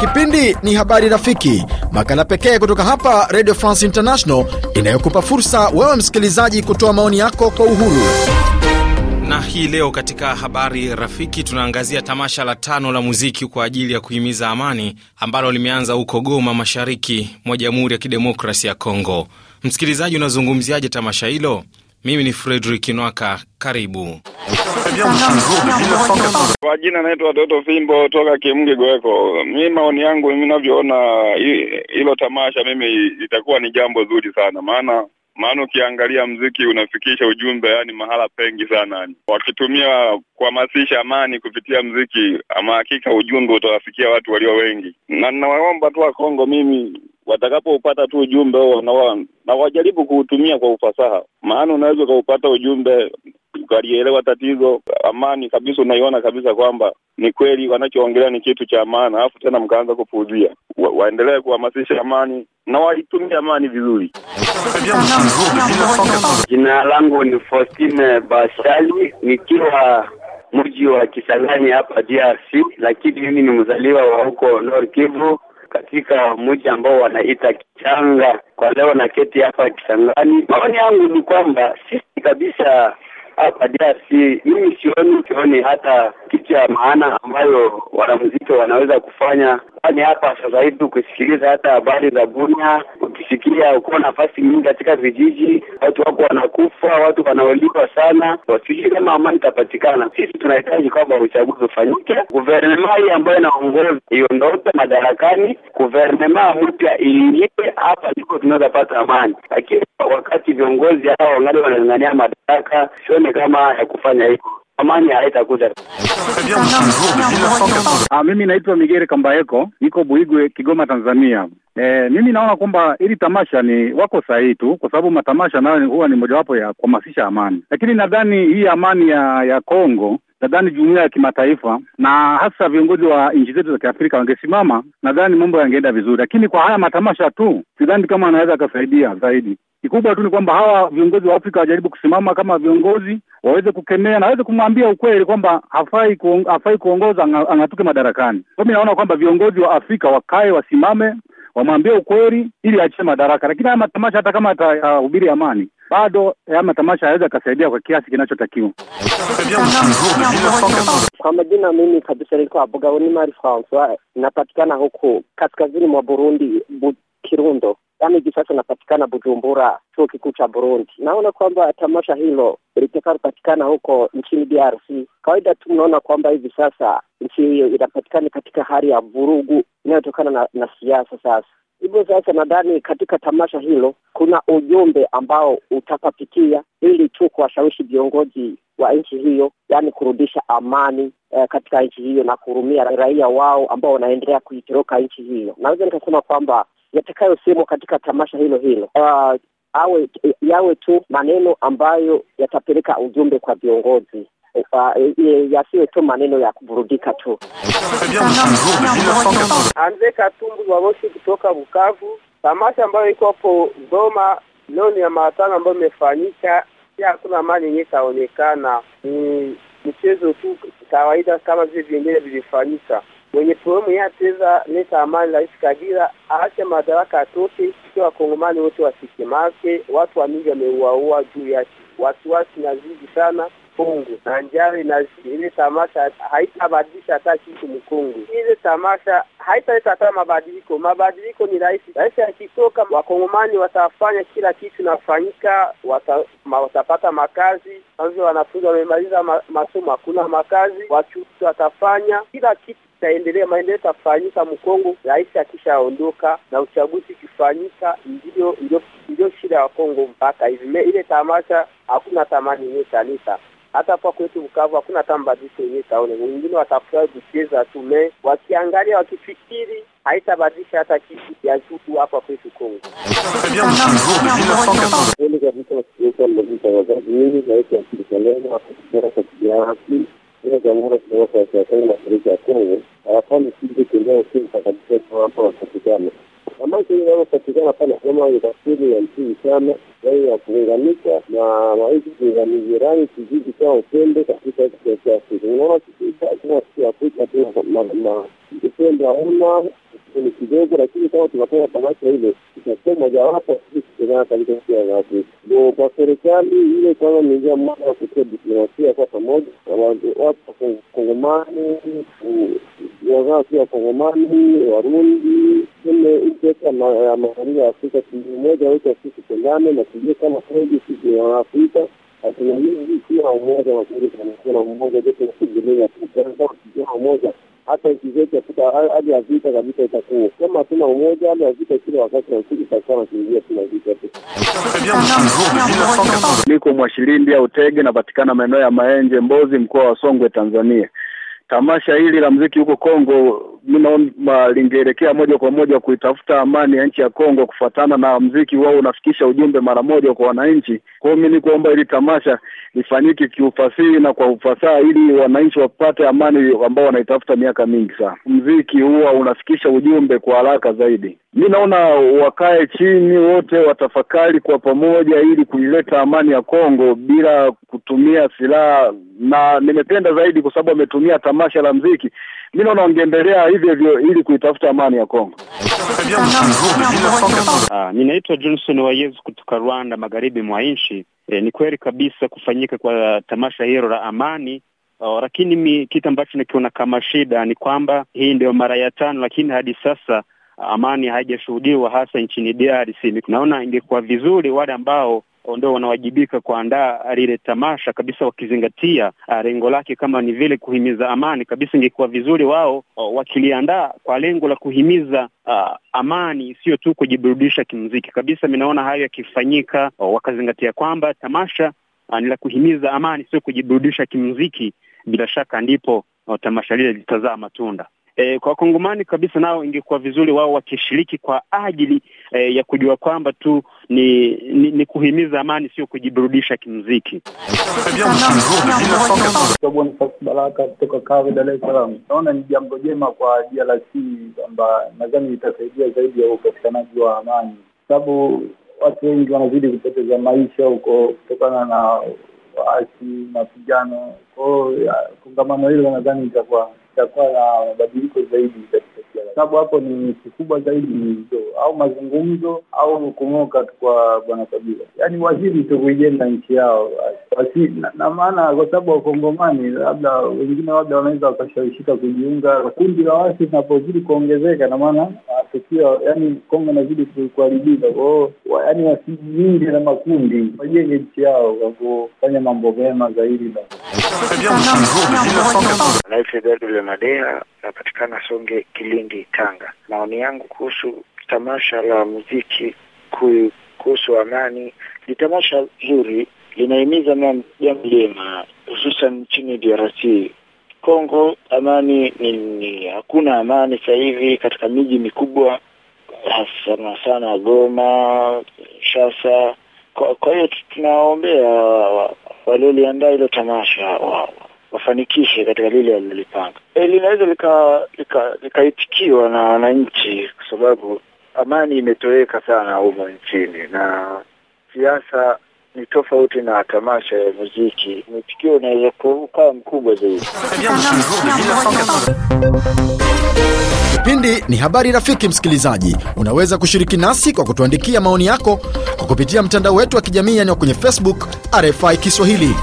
Kipindi ni Habari Rafiki, makala pekee kutoka hapa Radio France International inayokupa fursa wewe msikilizaji kutoa maoni yako kwa uhuru. Na hii leo katika Habari Rafiki tunaangazia tamasha la tano la muziki kwa ajili ya kuhimiza amani ambalo limeanza huko Goma, mashariki mwa Jamhuri ya Kidemokrasi ya Kongo. Msikilizaji, unazungumziaje tamasha hilo? Mimi ni Fredrick Nwaka, karibu kwa jina naitwa Toto Fimbo toka Kimgi Gweko. Mi maoni yangu mimi navyoona hilo tamasha mimi itakuwa ni jambo zuri sana, maana maana ukiangalia mziki unafikisha ujumbe yani mahala pengi sana wakitumia kuhamasisha amani kupitia mziki, ama hakika ujumbe utawafikia watu walio wengi, na ninawaomba tu wa Kongo mimi watakapopata tu ujumbe huo na wajaribu kuutumia kwa ufasaha, maana unaweza ukaupata ujumbe ukalielewa tatizo, amani kabisa, unaiona kabisa kwamba ni kweli wanachoongelea ni kitu cha maana, alafu tena mkaanza kupuuzia. Wa, waendelee kuhamasisha amani na waitumie amani vizuri. Jina langu ni Faustine Bashali nikiwa mji wa Kisangani hapa DRC, lakini mimi ni mzaliwa wa huko Nord Kivu katika mji ambao wanaita Kichanga. Kwa leo na keti hapa Kichangani. Maoni yangu ni kwamba sisi kabisa hapa DRC mimi sioni sioni hata kitu ya maana ambayo wanamuziki wanaweza kufanya ni hapa sasa hivi ukisikiliza hata habari za Bunia, ukisikia uko nafasi nyingi katika vijiji, watu wako wanakufa, watu wanauliwa sana. Sijui kama amani itapatikana. Sisi tunahitaji kwamba uchaguzi ufanyike, guvernema hii ambayo inaongoza iondoke madarakani, guvernema mpya iingie hapa, ndiko tunaweza pata amani. Lakini wakati viongozi hao wangali wanang'ang'ania madaraka, sione kama ya kufanya hivyo amani haitakuja. Ah, mimi naitwa Migeri Kambaeko, niko Buigwe, Kigoma, Tanzania. E, mimi naona kwamba ili tamasha ni wako sahihi tu, kwa sababu matamasha nayo huwa ni mojawapo ya kuhamasisha amani, lakini nadhani hii amani ya ya Kongo nadhani jumuia ya kimataifa na hasa viongozi wa nchi zetu za Kiafrika wangesimama, nadhani mambo yangeenda vizuri, lakini kwa haya matamasha tu sidhani kama anaweza akasaidia zaidi. Kikubwa tu ni kwamba hawa viongozi wa Afrika wajaribu kusimama kama viongozi, waweze kukemea na waweze kumwambia ukweli kwamba hafai kuong, hafai kuongoza, ang'atuke madarakani. Kwa mimi naona kwamba viongozi wa Afrika wakae, wasimame, wamwambie ukweli ili achie madaraka. Lakini haya matamasha hata kama atahubiri amani bado haya matamasha yaweza akasaidia kwa kiasi kinachotakiwa. Kwa majina, mimi kabisa nilikuwa Abugaboni Mari Francois, napatikana huku kaskazini mwa Burundi bu, Kirundo, yaani hivi sasa napatikana Bujumbura, chuo kikuu cha Burundi. Naona kwamba tamasha hilo litakaa kupatikana huko nchini DRC. Kawaida tu mnaona kwamba hivi sasa nchi hiyo inapatikana katika hali ya vurugu inayotokana na, na siasa sasa Hivyo sasa, nadhani katika tamasha hilo kuna ujumbe ambao utapapitia ili tu kuwashawishi viongozi wa nchi hiyo, yaani kurudisha amani eh, katika nchi hiyo na kuhurumia raia wao ambao wanaendelea kuitoroka nchi hiyo. Naweza nikasema kwamba yatakayosemwa katika tamasha hilo hilo uh, ah, awe yawe tu maneno ambayo yatapeleka ujumbe kwa viongozi Eh, eh, eh, yasiwe tu maneno ya kuburudika tu. Andre Katumbu Waboshi kutoka Bukavu. Tamasha ambayo iko hapo Goma leo ni ya maratano ambayo imefanyika, pia hakuna mali yenye itaonekana, ni mchezo tu kawaida kama vile vingine vilifanyika. Mwenye programu ya teza leta amani, Rais Kagira aache madaraka atoke, sio wakongomani wote wasikimake, watu wa mingi wameuaua juu yake, wasiwasi nazidi sana mkungu na njari na ile tamasha haitabadilisha hata kitu mkungu. Ile tamasha haitaleta hata mabadiliko. Mabadiliko ni rahisi rahisi, akitoka, wakongomani watafanya kila kitu nafanyika, wata, ma, watapata makazi. Sasa wanafunzi wamemaliza ma, masomo, hakuna makazi, wachuuzi watafanya kila kitu taendelea maendeleo tafanyika Mkongo. Rais akishaondoka na uchaguzi ukifanyika, ndio ndio shida ya Kongo mpaka hivi. Ile tamasha hakuna thamani yenyewe kanisa hata hapa kwetu Bukavu hakuna hata mabadiliko yenyewe taone, wengine watafurahi kucheza tu, me wakiangalia, wakifikiri haitabadilisha hata kitu ya juu hapa kwetu Kongo. Amani inayopatikana pale ya sana wao wakuunganika na maisha kuungani jirani kijiji cha upendo katika nchi ya Afrika. Unaona kifika hauna ni kidogo, lakini kama tunatoa tamasha ile itasema mojawapo kutegemea katika nchi za Afrika. Ndo kwa serikali ile kwanza ni njia moja ya kutoa diplomasia kwa pamoja, watu wakongomani wazaa pia wakongomani Warundi tume iliweka magharibi ya Afrika timu moja wote sisi tupendane na tujue kama kweli sisi ni Wanaafrika hatunaii kuwa umoja mazuri na umoja zote kugelea tukiwa umoja hata nchi zetu Afrika hali ya vita kabisa itakuwa kama hatuna umoja, hali ya vita kila wakati na usiku itakuwa nakiingia tuna vita. Niko Mwashilindi au Tege, napatikana maeneo ya Maenje, Mbozi, mkoa wa Songwe, Tanzania tamasha hili la mziki huko Kongo, mimi naona lingeelekea moja kwa moja kuitafuta amani ya nchi ya Kongo, kufuatana na mziki wao unafikisha ujumbe mara moja kwa wananchi. Kwa hiyo mimi nikuomba ili tamasha lifanyike kiufasihi na kwa ufasaha, ili wananchi wapate amani ambao wanaitafuta miaka mingi sana. Mziki huwa unafikisha ujumbe kwa haraka zaidi mi naona wakae chini wote watafakari kwa pamoja ili kuileta amani ya Kongo bila kutumia silaha, na nimependa zaidi kwa sababu ametumia tamasha la mziki. Mi naona wangeendelea hivyo hivyo ili kuitafuta amani ya Kongo. Ah, ninaitwa Johnson Wayezu kutoka Rwanda, magharibi mwa nchi. E, ni kweli kabisa kufanyika kwa tamasha hilo la amani O, oh, lakini mi kitu ambacho nikiona kama shida ni kwamba hii ndio mara ya tano, lakini hadi sasa amani haijashuhudiwa hasa nchini DRC. Naona ingekuwa vizuri wale ambao ndio wanawajibika kuandaa lile tamasha kabisa, wakizingatia ah, lengo lake kama ni vile kuhimiza amani kabisa. Ingekuwa vizuri wao ah, wakiliandaa kwa lengo la kuhimiza uh, amani, sio tu kujiburudisha kimuziki kabisa. Minaona hayo yakifanyika, wakazingatia kwamba tamasha uh, ni la kuhimiza amani, sio kujiburudisha kimuziki, bila shaka ndipo tamasha lile litazaa matunda. E, kwa Wakongomani kabisa nao ingekuwa vizuri wao wakishiriki kwa ajili e, ya kujua kwamba tu ni, ni, ni kuhimiza amani, sio kujiburudisha kimziki. Baraka kutoka Kawe, Dar es Salaam. Naona ni jambo jema kwa DRC kwamba nadhani itasaidia zaidi ya upatikanaji wa amani, sababu watu wengi wanazidi kupoteza maisha huko kutokana na waasi, mapigano. Kwa hiyo kongamano hilo nadhani itakuwa itakuwa na mabadiliko zaidi katika siasa, sababu hapo ni kikubwa zaidi ni au mazungumzo au kumoka tu kwa bwana Kabila, yaani waziri tu kuijenga nchi yao wazidi, na maana kwa sababu wakongomani labda wengine labda wanaweza wakashawishika kujiunga kundi la wasi linapozidi kuongezeka, na maana ah, tukio yani Kongo inazidi kuharibika kwao, yaani wasijiunge na makundi, wajenge nchi yao kwa kufanya mambo mema zaidi. Life Rebel Madea napatikana Songe, Kilindi, Tanga. Maoni yangu kuhusu tamasha la muziki kuhusu amani ni tamasha zuri, linahimiza jambo lema, hususan nchini DRC Kongo. Amani ni hakuna amani sasa hivi katika miji mikubwa sana sana Goma, Shasa. Kwa hiyo tunaombea walioliandaa hilo tamasha wa, wafanikishe katika lile walilolipanga. E, linaweza likaitikiwa lika, lika na wananchi, kwa sababu amani imetoweka sana humo nchini na siasa ni tofauti na tamasha ya muziki. Mwitikio unaweza kuwa mkubwa zaidi. Kipindi ni habari rafiki. Msikilizaji, unaweza kushiriki nasi kwa kutuandikia maoni yako kwa kupitia mtandao wetu wa kijamii, yani kwenye Facebook RFI Kiswahili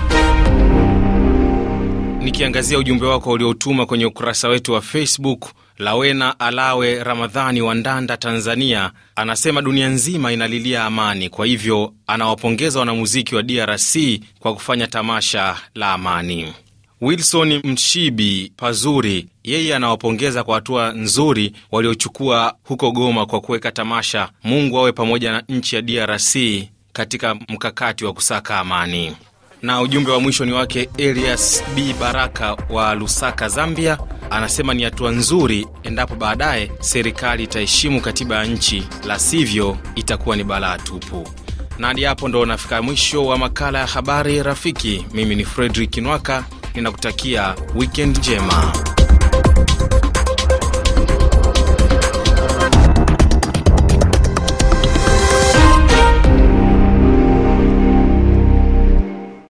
nikiangazia ujumbe wako uliotuma kwenye ukurasa wetu wa Facebook. Lawena Alawe Ramadhani wa Ndanda, Tanzania, anasema dunia nzima inalilia amani, kwa hivyo anawapongeza wanamuziki wa DRC kwa kufanya tamasha la amani. Wilson Mshibi Pazuri yeye anawapongeza kwa hatua nzuri waliochukua huko Goma kwa kuweka tamasha. Mungu awe pamoja na nchi ya DRC katika mkakati wa kusaka amani na ujumbe wa mwisho ni wake Elias B Baraka wa Lusaka, Zambia. Anasema ni hatua nzuri endapo baadaye serikali itaheshimu katiba ya nchi, la sivyo itakuwa ni balaa tupu. Na hadi hapo ndo unafika mwisho wa makala ya habari rafiki. Mimi ni Fredrik Nwaka, ninakutakia wikend njema.